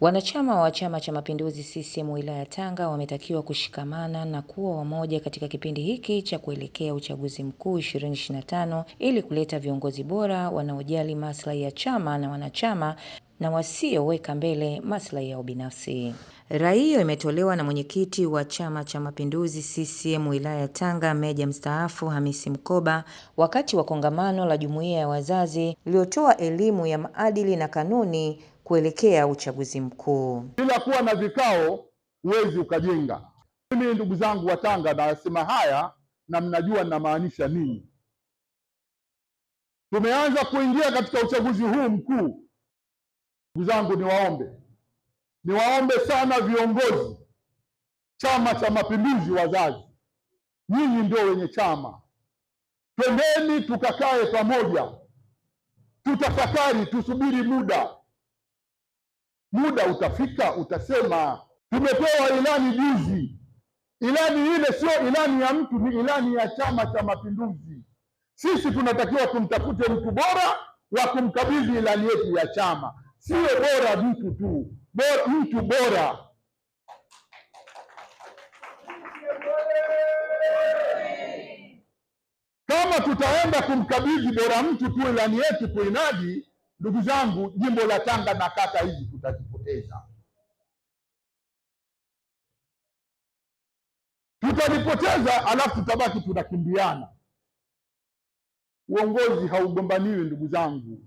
Wanachama wa Chama cha Mapinduzi CCM wilaya ya Tanga wametakiwa kushikamana na kuwa wamoja katika kipindi hiki cha kuelekea uchaguzi mkuu 2025 ili kuleta viongozi bora wanaojali maslahi ya chama na wanachama na wasioweka mbele maslahi yao binafsi. Rai hiyo imetolewa na mwenyekiti wa Chama cha Mapinduzi CCM wilaya ya Tanga, meja mstaafu Hamisi Mkoba, wakati wa kongamano la jumuiya ya wazazi iliyotoa elimu ya maadili na kanuni kuelekea uchaguzi mkuu. Bila kuwa na vikao huwezi ukajenga. Mimi ndugu zangu wa Tanga nayasema haya na mnajua ninamaanisha nini. Tumeanza kuingia katika uchaguzi huu mkuu. Ndugu zangu, niwaombe, niwaombe sana viongozi Chama cha Mapinduzi, wazazi, nyinyi ndio wenye chama, twendeni tukakae pamoja, tutafakari, tusubiri muda muda utafika, utasema tumepewa ilani juzi. Ilani ile sio ilani ya mtu, ni ilani ya Chama cha Mapinduzi. Sisi tunatakiwa tumtafute mtu bora wa kumkabidhi ilani yetu ya chama, sio bora mtu tu, bora mtu bora Kama tutaenda kumkabidhi bora mtu tu ilani yetu kuinadi, ndugu zangu, jimbo la Tanga na kata hizi tutazipo tutapoteza, tutalipoteza, alafu tutabaki tunakimbiana. Uongozi haugombaniwi ndugu zangu.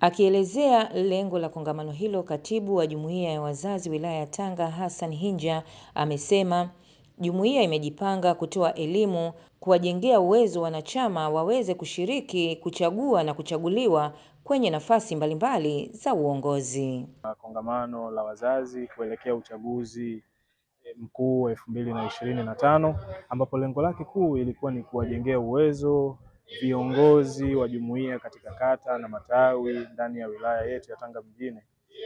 Akielezea lengo la kongamano hilo, katibu wa jumuiya ya wazazi wilaya ya Tanga Hassan Hinja amesema jumuiya imejipanga kutoa elimu, kuwajengea uwezo wanachama waweze kushiriki, kuchagua na kuchaguliwa kwenye nafasi mbalimbali za uongozi. Kongamano la wazazi kuelekea uchaguzi eh, mkuu wa elfu mbili na ishirini na tano ambapo lengo lake kuu ilikuwa ni kuwajengea uwezo viongozi wa jumuiya katika kata na matawi ndani ya wilaya yetu ya Tanga mjini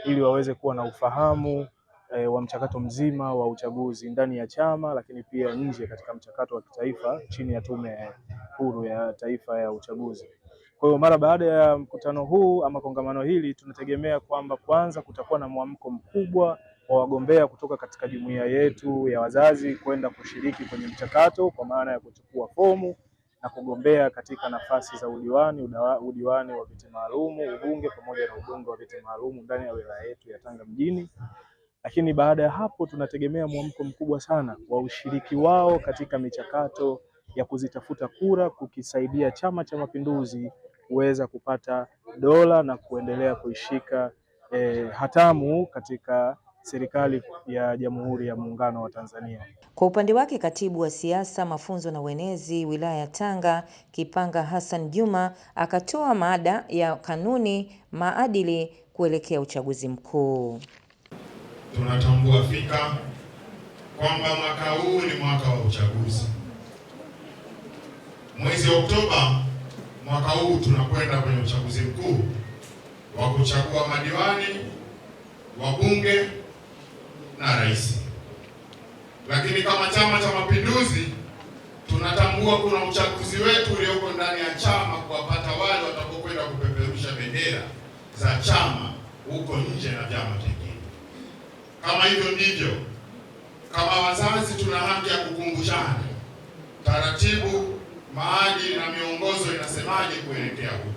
ili waweze kuwa na ufahamu e, wa mchakato mzima wa uchaguzi ndani ya chama, lakini pia nje katika mchakato wa kitaifa chini ya Tume Huru ya Taifa ya Uchaguzi. Kwa hiyo mara baada ya mkutano huu ama kongamano hili, tunategemea kwamba kwanza kutakuwa na mwamko mkubwa wa wagombea kutoka katika jumuiya yetu ya wazazi kwenda kushiriki kwenye mchakato kwa maana ya kuchukua fomu na kugombea katika nafasi za udiwani, udiwani wa viti maalumu, ubunge pamoja na ubunge wa viti maalumu ndani ya wilaya yetu ya Tanga mjini. Lakini baada ya hapo tunategemea mwamko mkubwa sana wa ushiriki wao katika michakato ya kuzitafuta kura kukisaidia Chama cha Mapinduzi kuweza kupata dola na kuendelea kuishika e, hatamu katika serikali ya Jamhuri ya Muungano wa Tanzania. Kwa upande wake, katibu wa siasa, mafunzo na uenezi wilaya ya Tanga Kipanga Hassan Juma akatoa mada ya kanuni maadili kuelekea uchaguzi mkuu. Tunatambua fika kwamba mwaka huu ni mwaka wa uchaguzi. Mwezi Oktoba mwaka huu tunakwenda kwenye uchaguzi mkuu wa kuchagua madiwani, wabunge na rais. Lakini kama Chama cha Mapinduzi tunatambua kuna uchaguzi wetu ulioko ndani ya chama kuwapata wale watakokwenda kupeperusha bendera za chama huko nje na vyama vingine. Kama hivyo ndivyo, kama wazazi, tuna haki ya kukumbushana taratibu maadili na miongozo inasemaje kuelekea huko.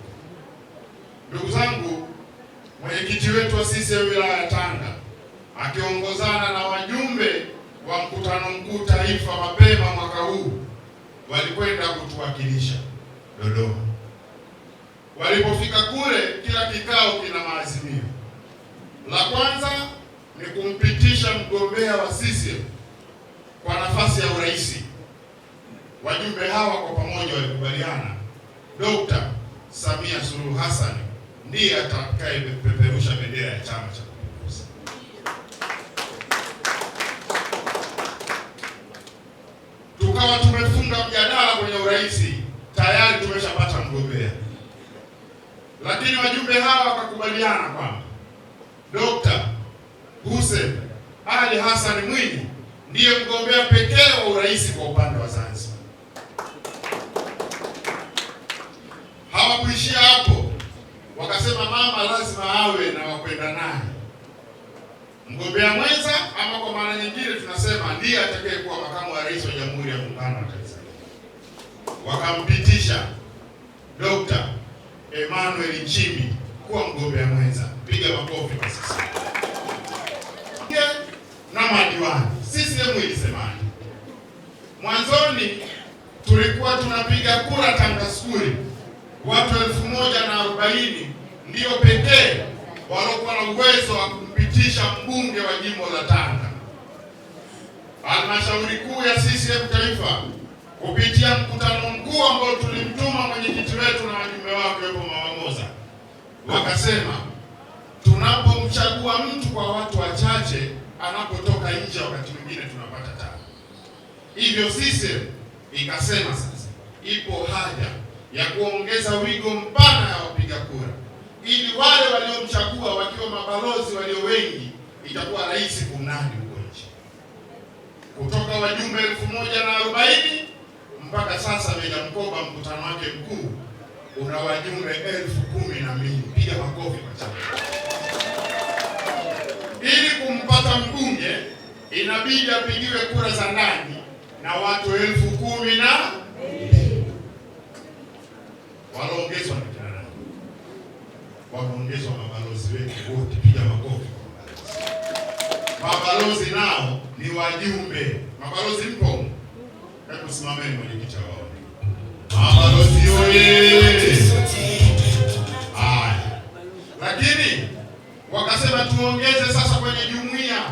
Ndugu zangu, mwenyekiti wetu wa CCM wilaya ya Tanga akiongozana na wajumbe wa mkutano mkuu taifa mapema mwaka huu walikwenda kutuwakilisha Dodoma. Walipofika kule, kila kikao kina maazimio. La kwanza ni kumpitisha mgombea wa CCM kwa nafasi ya urais Wajumbe hawa kwa pamoja walikubaliana Dr. Samia Suluhu Hassan ndiye atakayepeperusha bendera ya Chama cha Mapinduzi. Tukawa tumefunga mjadala kwenye urais, tayari tumeshapata mgombea, lakini wajumbe hawa wakakubaliana kwamba Dr. Hussein Ali Hassan Mwinyi ndiye mgombea pekee wa urais kwa upande wa Zanzibar. Hawakuishia hapo, wakasema mama lazima awe na wakwenda naye mgombea mwenza, ama kwa maana nyingine tunasema ndiye atakayekuwa makamu wa rais wa Jamhuri ya Muungano wa Tanzania. Wakampitisha Dr. Emmanuel Nchimbi kuwa mgombea mwenza. Piga makofi kwa sisi na madiwani. CCM ilisemaje? Mwanzoni tulikuwa tunapiga kura tangu asubuhi watu elfu moja na arobaini ndiyo pekee waliokuwa na uwezo wa kumpitisha mbunge wa jimbo la Tanga. Halmashauri kuu ya CCM taifa kupitia mkutano mkuu ambao tulimtuma mwenyekiti wetu na wajumbe wake wepo Mamamoza, wakasema tunapomchagua mtu kwa watu wachache, anapotoka nje wakati mwingine tunapata tabu. Hivyo CCM ikasema sasa ipo haja ya kuongeza wigo mpana ya wapiga kura, ili wale waliomchagua wakiwa mabalozi walio wengi, itakuwa rahisi kunani huko nje. Kutoka wajumbe elfu moja na arobaini mpaka sasa Meja Mkoba mkutano wake mkuu una wajumbe elfu kumi na mbili. Piga makofi kwa chama. Ili kumpata mbunge inabidi apigiwe kura za ndani na watu elfu kumi na mabalozi wetu wote, piga makofi. Mabalozi nao ni wajumbe. Mabalozi mpo? Hebu simameni mwenyekiti wao. Mabalozi yote. Haya, lakini wakasema tuongeze sasa kwenye jumuiya,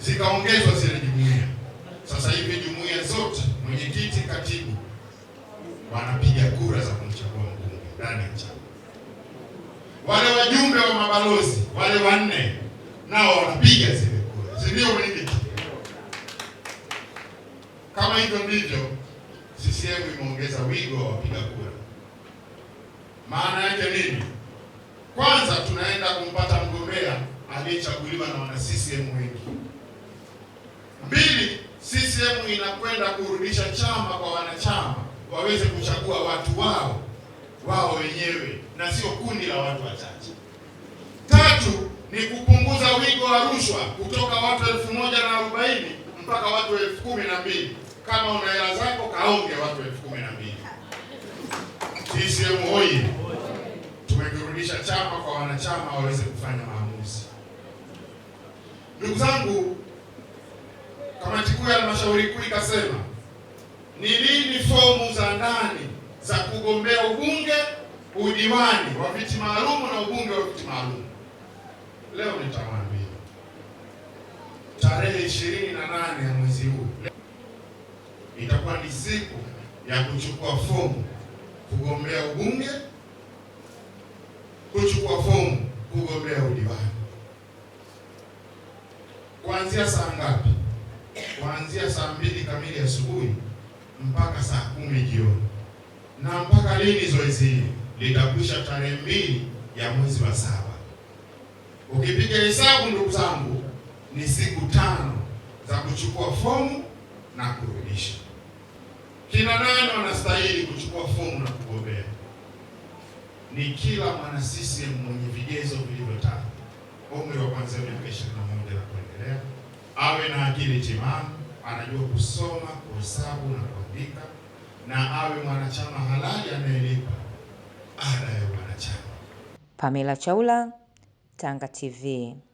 zikaongezwa zile jumuiya. Sasa hivi jumuiya zote, mwenyekiti, katibu, wanapiga kura za kumchagua mbunge ndani ya chama wale wajumbe wa mabalozi wale wanne nao wanapiga zile kura, si ndio mwenyekiti? Kama hivyo ndivyo CCM imeongeza wigo wa wapiga kura. Maana yake nini? Kwanza tunaenda kumpata mgombea aliyechaguliwa na wana CCM wengi. Mbili, CCM inakwenda kurudisha chama kwa wanachama waweze kuchagua watu wao wao wenyewe na sio kundi la watu wachache. Tatu ni kupunguza wigo wa rushwa kutoka watu elfu moja na arobaini mpaka watu elfu kumi na mbili Kama una hela zako kaonge watu elfu kumi na mbili CCM hoye! Tumekirudisha chama kwa wanachama waweze kufanya maamuzi. Ndugu zangu, kamati kuu ya halmashauri kuu ikasema ni lini fomu za ndani za kugombea ubunge udiwani wa viti maalumu na ubunge wa viti maalumu. Leo nitamwambia tarehe ishirini na nane ya mwezi huu itakuwa ni siku ya kuchukua fomu kugombea ubunge, kuchukua fomu kugombea udiwani. Kuanzia saa ngapi? Kuanzia saa mbili kamili asubuhi mpaka saa kumi jioni. Na mpaka lini zoezi hili? litakwisha tarehe mbili ya mwezi wa saba. Ukipiga hesabu ndugu zangu, ni siku tano za kuchukua fomu na kurudisha. Kina nani wanastahili kuchukua fomu na kugombea? Ni kila mwana CCM mwenye vigezo vilivyotaka: umri wa kuanzia miaka ishirini na moja na kuendelea, awe na akili timamu, anajua kusoma, kuhesabu na kuandika, na awe mwanachama halali anayelipa Pamela Chaula, Tanga TV.